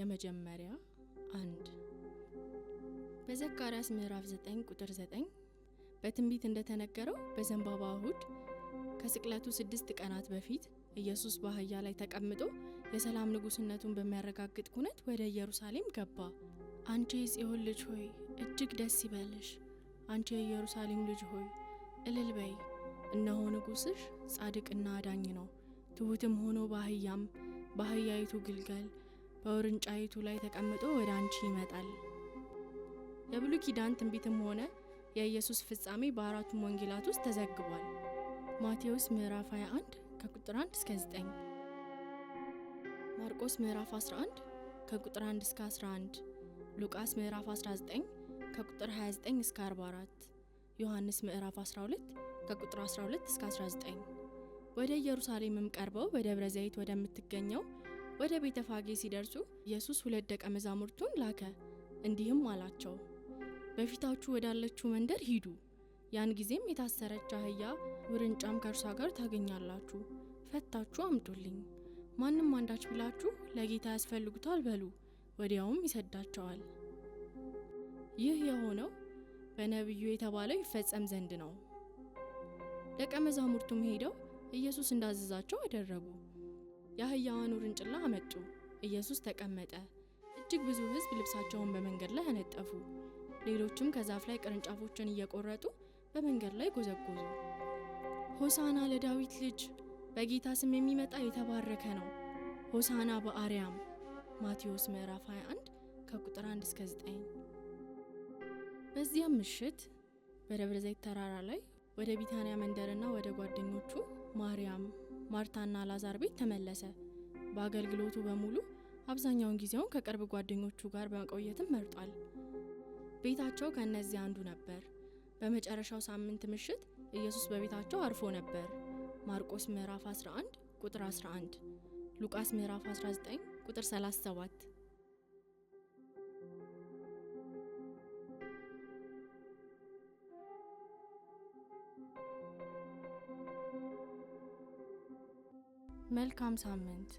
የመጀመሪያ አንድ በዘካርያስ ምዕራፍ 9 ቁጥር 9 በትንቢት እንደተነገረው በዘንባባ እሁድ ከስቅለቱ ስድስት ቀናት በፊት ኢየሱስ በአህያ ላይ ተቀምጦ የሰላም ንጉስነቱን በሚያረጋግጥ ኩነት ወደ ኢየሩሳሌም ገባ። አንቺ የጽዮን ልጅ ሆይ እጅግ ደስ ይበልሽ፣ አንቺ የኢየሩሳሌም ልጅ ሆይ እልል በይ። እነሆ ንጉስሽ ጻድቅና አዳኝ ነው፣ ትሁትም ሆኖ በአህያም በአህያይቱ ግልገል በውርንጫይቱ ላይ ተቀምጦ ወደ አንቺ ይመጣል። የብሉይ ኪዳን ትንቢትም ሆነ የኢየሱስ ፍጻሜ በአራቱም ወንጌላት ውስጥ ተዘግቧል። ማቴዎስ ምዕራፍ 21 ከቁጥር 1 እስከ 9፣ ማርቆስ ምዕራፍ 11 ከቁጥር 1 እስከ 11፣ ሉቃስ ምዕራፍ 19 ከቁጥር 29 እስከ 44፣ ዮሐንስ ምዕራፍ 12 ከቁጥር 12 እስከ 19። ወደ ኢየሩሳሌምም ቀርበው በደብረ ዘይት ወደምትገኘው ወደ ቤተ ፋጌ ሲደርሱ ኢየሱስ ሁለት ደቀ መዛሙርቱን ላከ፣ እንዲህም አላቸው፣ በፊታችሁ ወዳለችው መንደር ሂዱ፣ ያን ጊዜም የታሰረች አህያ ውርንጫም ከእርሷ ጋር ታገኛላችሁ፣ ፈታችሁ አምጡልኝ። ማንም አንዳች ብላችሁ ለጌታ ያስፈልጉታል በሉ፣ ወዲያውም ይሰዳቸዋል። ይህ የሆነው በነቢዩ የተባለው ይፈጸም ዘንድ ነው። ደቀ መዛሙርቱም ሄደው ኢየሱስ እንዳዘዛቸው አደረጉ። የአህያዋን ውርንጭላ አመጡ። ኢየሱስ ተቀመጠ። እጅግ ብዙ ሕዝብ ልብሳቸውን በመንገድ ላይ አነጠፉ። ሌሎችም ከዛፍ ላይ ቅርንጫፎችን እየቆረጡ በመንገድ ላይ ጎዘጎዙ። ሆሳና ለዳዊት ልጅ በጌታ ስም የሚመጣ የተባረከ ነው። ሆሳና በአርያም ማቴዎስ ምዕራፍ 21 ከቁጥር 1 እስከ 9። በዚያም ምሽት በደብረ ዘይት ተራራ ላይ ወደ ቢታንያ መንደርና ወደ ጓደኞቹ ማርያም ማርታና ላዛር ቤት ተመለሰ። በአገልግሎቱ በሙሉ አብዛኛውን ጊዜውን ከቅርብ ጓደኞቹ ጋር በመቆየትም መርጧል። ቤታቸው ከእነዚህ አንዱ ነበር። በመጨረሻው ሳምንት ምሽት ኢየሱስ በቤታቸው አርፎ ነበር። ማርቆስ ምዕራፍ 11 ቁጥር 11፣ ሉቃስ ምዕራፍ 19 ቁጥር 37 መልካም ሳምንት